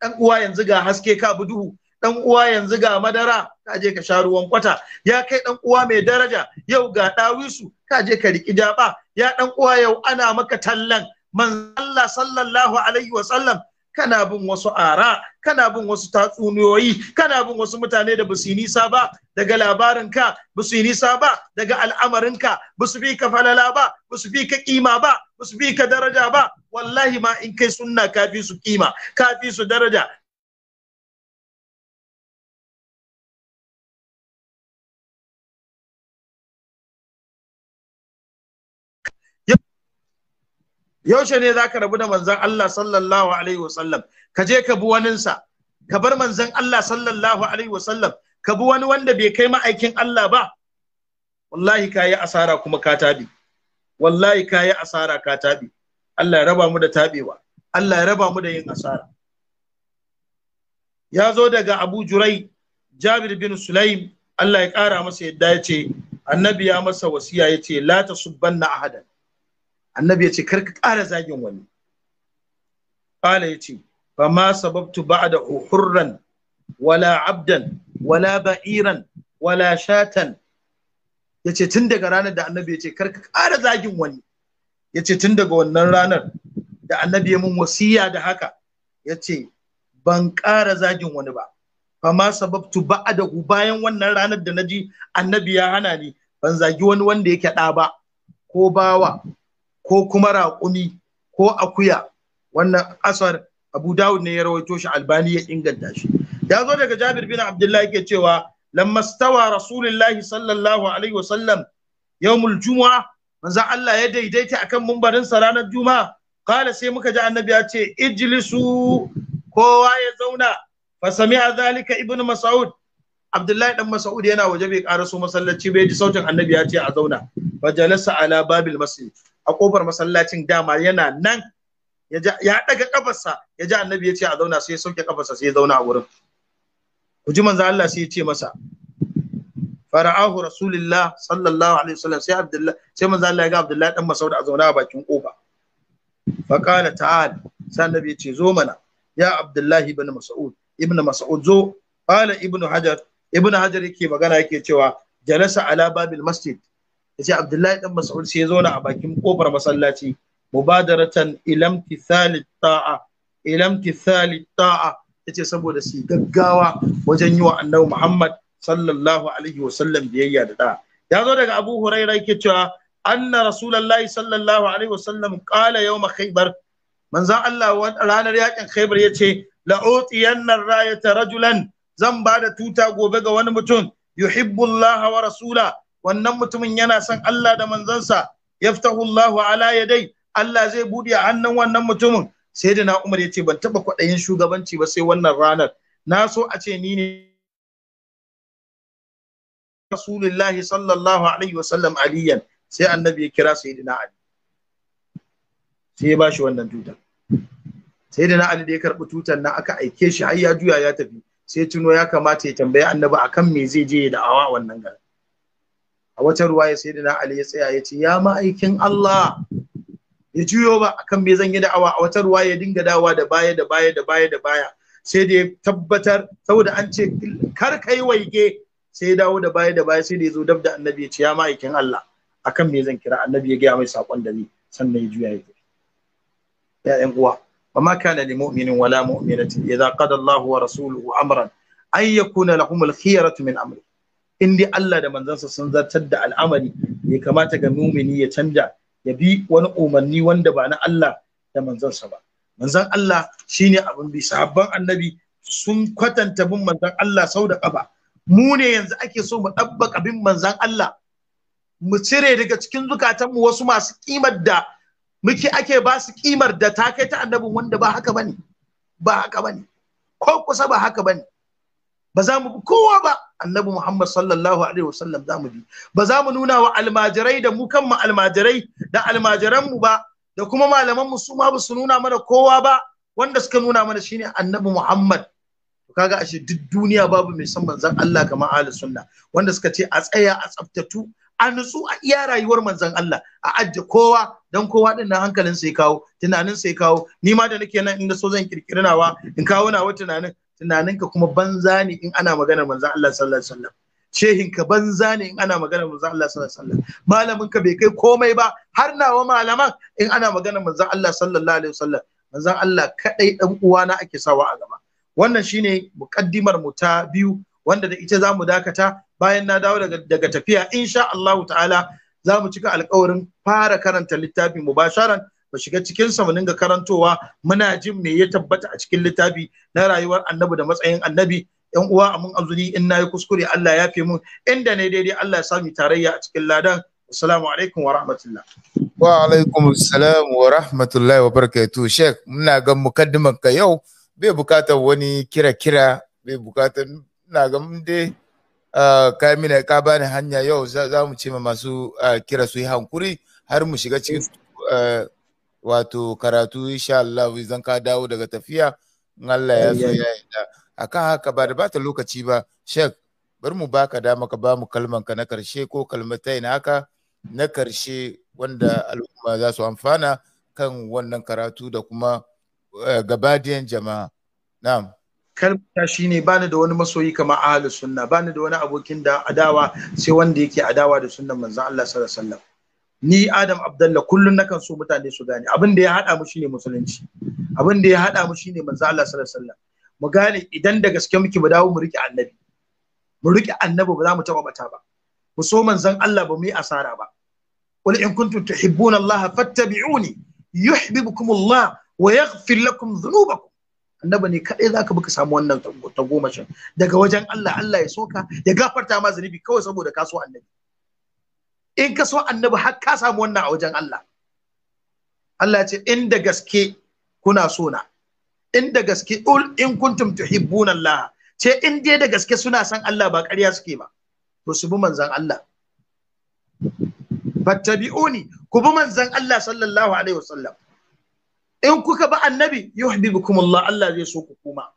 dan uwa yanzu ga haske ka bi duhu dan uwa yanzu ga madara ka je ka sha ruwan kwata ya kai dan uwa mai daraja yau ga dawisu ka je ka riki jaba ya dan uwa yau ana maka tallan man Allah sallallahu alaihi wa sallam kana bin wasu ara kana bin wasu tatsuniyoyi kana bin wasu mutane da basu nisa ba daga labarin ka basu nisa ba daga al'amarin al'amarinka basu fi ka falala ba basu fi ka kima ba ba su bi ka daraja ba wallahi ma in kai sunna ka fi su kima ka fi su daraja yaushe ne za ka rabu da manzan Allah sallallahu alaihi wasallam ka je ka bi waninsa ka bar manzan Allah sallallahu alaihi wasallam ka bi wani wanda bai kai ma'aikin Allah ba wallahi ka yi asara kuma ka tabi wallahi ka yi asara ka taɓe Allah ya raba mu da taɓewa Allah ya raba mu da yin asara ya zo daga Abu Jurai Jabir bin Sulaim Allah ya ƙara masa yadda ya ce annabi ya masa wasiya ya ce la ta na ahadan annabi ya ce kar ka ƙara zagin wani ƙala ya ce ba ma sababtu ba'da uhurran wala abdan wala ba'iran wala shatan Yace ce tun daga ranar da annabi ya ce kar ka kara zagin wani ya tun daga wannan ranar da annabi ya mun wasiya da haka Yace ban kara zagin wani ba ma sababtu ba'adahu bayan wannan ranar da naji annabi ya hana ni ban zagi wani wanda yake ɗa ba ko bawa ko kuma raƙumi ko akuya wannan asar abu dawud ne ya rawaito shi albani ya inganta shi ya zo daga jabir bin abdullahi yake cewa lamma stawa rasulullahi sallallahu alaihi wasallam yawmul juma'a manzo Allah ya daidaita akan mumbarin sa ranar juma'a qala sai muka ji annabi ya ce ijlisu kowa ya zauna fa sami'a zalika ibnu mas'ud Abdullahi dan Mas'ud yana waje bai karaso masallaci bai ji sautin annabi ya ce a zauna fa jalasa ala babil masjid a kofar masallacin dama yana nan ya daga kafarsa ya ji annabi ya ce a zauna sai ya sauke kafarsa sai ya zauna a wurin kuji manzo Allah sai ya ce masa fara'ahu rasulullah sallallahu alaihi wasallam sai abdullah sai manzo Allah ya ga abdullah dan masaud a zauna a bakin kofa fa qala ta'al sai annabi ya ce zo mana ya abdullahi ibn mas'ud ibn mas'ud zo qala ibn hajar ibn hajar yake magana yake cewa jalasa ala babil masjid yace abdullahi dan mas'ud sai ya zauna a bakin kofar masallaci mubadaratan ilam tithali ta'a ilam tithali ta'a yace saboda su gaggawa wajen yi wa annabi Muhammad sallallahu alaihi wa sallam biyayya da da ya zo daga Abu Huraira yake cewa anna rasulullahi sallallahu alaihi wa sallam qala yawma khaybar manzon Allah ranar yakin khaybar yace la utiyanna rayata rajulan zan ba da tuta gobe ga wani mutum yuhibbu Allah wa rasula wannan mutumin yana son Allah da manzansa yaftahu Allah ala yadai Allah zai bude a hannun wannan mutumin sai da na umar ya ce ban taɓa kwaɗayin shugabanci ba sai wannan ranar na so a ce ni ne rasulullahi sallallahu alaihi wasallam aliyan sai annabi ya kira sayyidina ali sai ya bashi wannan tutar sayyidina ali da ya karɓi tutar na aka aike shi har ya juya ya tafi sai tuno ya kamata ya tambayi annabi akan me zai je ya da'awa wannan garin a wata ruwaya sayyidina ali ya tsaya ya ce ya ma'aikin Allah ya juyo ba akan me zan yi da'awa a wata ruwa ya dinga dawa da baya da baya da baya da baya sai da ya tabbatar saboda an ce kar kai waige sai ya dawo da baya da baya sai da ya zo dab da annabi ya ce ya ma'aikin Allah akan me zan kira annabi ya gaya mai sakon da ni sannan ya juya ya tafi ya ƴan uwa وما كان لمؤمن ولا مؤمنة إذا قضى الله amran أمرا أن يكون لهم الخيرة من أمره in dai Allah da manzansa sun zartar da al'amari ya kamata ga mumini ya canja ya bi wani umarni wanda ba na Allah da manzansa ba manzan Allah shine abin bi sahabban annabi sun kwatanta bin manzan Allah sau da ƙafa mu ne yanzu ake so mu ɗabbaka bin manzan Allah mu cire daga cikin zukatanmu wasu masu kimar da muke ake ba su kimar da ta kai ta annabin wanda ba haka bane ba haka bane ko kusa ba haka bane ba za mu kowa ba annabi Muhammad sallallahu alaihi wasallam za mu bi ba za mu nuna wa almajirai da mu kanmu almajirai da almajiran mu ba da kuma malaman mu su ma ba su nuna mana kowa ba wanda suka nuna mana shine annabi Muhammad kaga ashe duk duniya babu mai san manzon Allah kamar ahli sunna wanda suka ce a tsaya a tsaftatu a nutsu a iya rayuwar manzon Allah a ajje kowa dan kowa din nan hankalin sai kawo tunanin sai kawo ni ma da nake nan inda so zan kirkiri in kawo nawa tunanin tunaninka kuma banza ne in ana maganar manzon Allah sallallahu alaihi wasallam banza ne in ana maganar manzon Allah sallallahu alaihi wasallam bai kai komai ba har nawa malaman in ana maganar manzon Allah sallallahu alaihi wasallam Allah kadai dan uwana ake sawa a gaba wannan shine mukaddimar mu ta biyu wanda da ita zamu dakata bayan na dawo daga, daga tafiya insha Allah ta'ala zamu cika alƙawarin fara karanta littafin mubasharan mu shiga cikin sa mu dinga karantowa muna jin me ya tabbata a cikin littafi na rayuwar annabi da matsayin annabi yan uwa amun azuri in nayi kuskure Allah ya fi mu inda ne daidai Allah ya sami tarayya a cikin ladan assalamu alaikum wa rahmatullah wa alaikum assalam wa rahmatullahi wa barakatuh sheikh muna ga mukaddimar ka yau bai bukatar wani kira kira bai bukatar na ga mun dai ka mina ka bani hanya yau za mu ce ma masu kira su yi hankuri har mu shiga cikin wato karatu insha Allah zan ka dawo daga tafiya in Allah ya so ya yarda akan haka ba da bata lokaci ba shek bar mu baka dama ka ba mu kalman ka na karshe ko kalmatai na haka na karshe wanda al'umma za su amfana kan wannan karatu da kuma eh, gabadiyan jama'a na'am kalmata shine bani da wani masoyi kamar ahlus sunna bani da wani abokin da adawa sai wanda yake adawa da sunnan manzon Allah sallallahu alaihi wasallam ni Adam Abdallah kullum nakan so mutane su gane abin da ya haɗa mu shine musulunci abin da ya haɗa mu shine manzo Allah sallallahu alaihi wasallam mu gane idan da gaske muke mu dawo mu rike annabi mu riƙe annabi ba za mu taɓa bata ba mu so manzon Allah ba mu yi asara ba qul in kuntum tuhibbuna Allah fattabi'uni yuhibbukum Allah wa yaghfir lakum dhunubakum annabi ne kadai zaka bi samu wannan ta tagomashin daga wajen Allah Allah ya soka ya gafarta ma zunubi kawai saboda ka so annabi in ka so annabi har ka samu wannan a wajen Allah Allah ya ce da gaske kuna so na da gaske ul in kuntum tuhibbuna Allah ce in dai da gaske suna san Allah ba ƙarya suke ba to su bi manzon Allah fattabi'uni ku bi manzon Allah sallallahu alaihi wasallam in kuka ba annabi yuhibbukum Allah Allah zai so ku kuma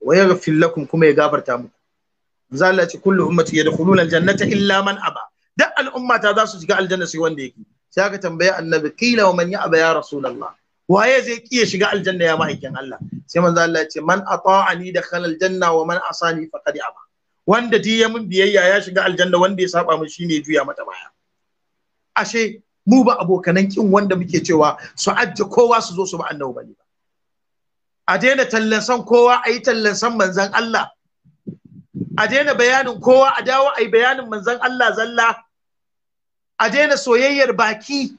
wa yaghfir lakum kuma ya gafarta muku manzon Allah ce kullu ummati yadkhuluna aljannata illa man aba duk al'umma ta za su shiga aljanna sai wanda yake sai aka tambaya annabi kila wa man ya aba ya rasulullah waye zai kiya shiga aljanna ya ma'aikin Allah sai manzo Allah ya ce man ata'ani dakhala aljanna wa man asani faqad aba wanda di ya mun biyayya ya shiga aljanna wanda ya saba mun shine juya mata baya ashe mu ba abokanan kin wanda muke cewa su ajje kowa su zo su ba annabi bane ba a daina tallan san kowa yi tallan san manzon Allah a daina bayanin kowa a dawo yi bayanin manzon Allah zalla a daina soyayyar baki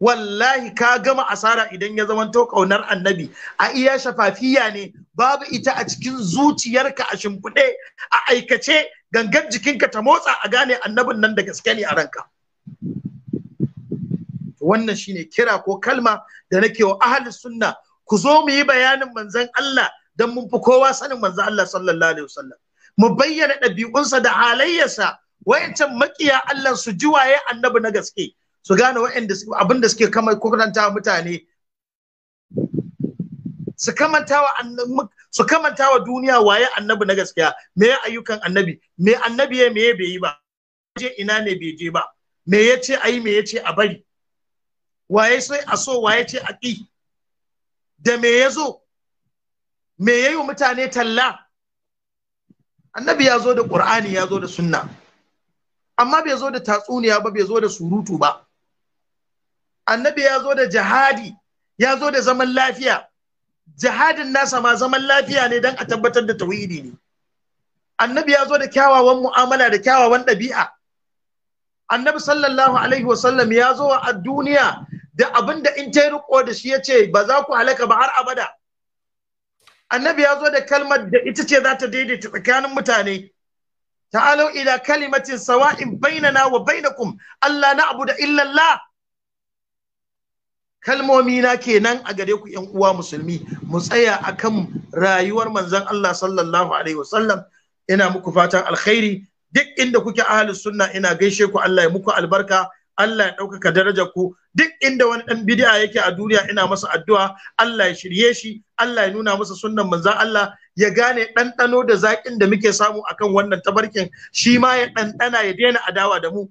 wallahi ka gama asara idan ya zamanto ƙaunar annabi a iya shafafiya ne babu ita a cikin zuciyarka a shimfiɗe a aikace gangan jikinka ta motsa a gane annabin nan da gaske ne a ranka wannan shine kira ko kalma da nake wa ahli sunna ku zo mu yi bayanin manzon Allah dan mun fi kowa sanin manzon Allah sallallahu alaihi wasallam mu bayyana ɗabi'unsa da halayyarsa wayancan makiya Allah su ji waye annabi na gaske su gane wayanda abin da suke kamar kokarantawa mutane su kamantawa wa su kamantawa duniya waye annabi na gaskiya me ayyukan annabi me annabi ya me bai yi ba je ina ne bai je ba me ya ce ai me ya ce a bari waye sai a so waye ce a ƙi da me ya zo me ya yi mutane talla annabi ya zo da ƙur'ani ya zo da sunna amma bai zo da tatsuniya ba bai zo da surutu ba annabi ya zo da jihadi ya zo da zaman lafiya jihadin nasa ma zaman lafiya ne don a tabbatar da tauhidi ne annabi ya zo da kyawawan mu'amala da kyawawan ɗabi'a annabi sallallahu alaihi wasallam ya zo a duniya da abin da in ta riko da shi ya ce ba za ku halaka ba har abada annabi ya zo da kalmar da ita ce za ta daidaita tsakanin mutane ta'alu ila kalimatin sawa'in bainana wa bainakun Allah na abu da illallah kalmomi na kenan a gare ku yan uwa musulmi mu tsaya akan rayuwar manzon Allah sallallahu alaihi wasallam ina muku fatan alkhairi duk inda kuke ahlus sunna ina gaishe ku Allah ya muku albarka Allah ya ɗaukaka darajar ku duk inda wani ɗan bid'a yake a duniya ina masa addu'a Allah ya shirye shi Allah ya nuna masa sunnan manzon Allah ya gane ɗanɗano da zaƙin da muke samu akan wannan tabarkin shi ma ya ɗanɗana ya daina adawa da mu